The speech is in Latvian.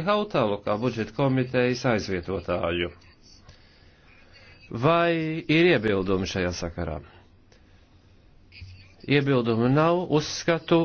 Hautalu kā budžeta komitejas aizvietotāju. Vai ir iebildumi šajā sakarā? Iebildumu nav, uzskatu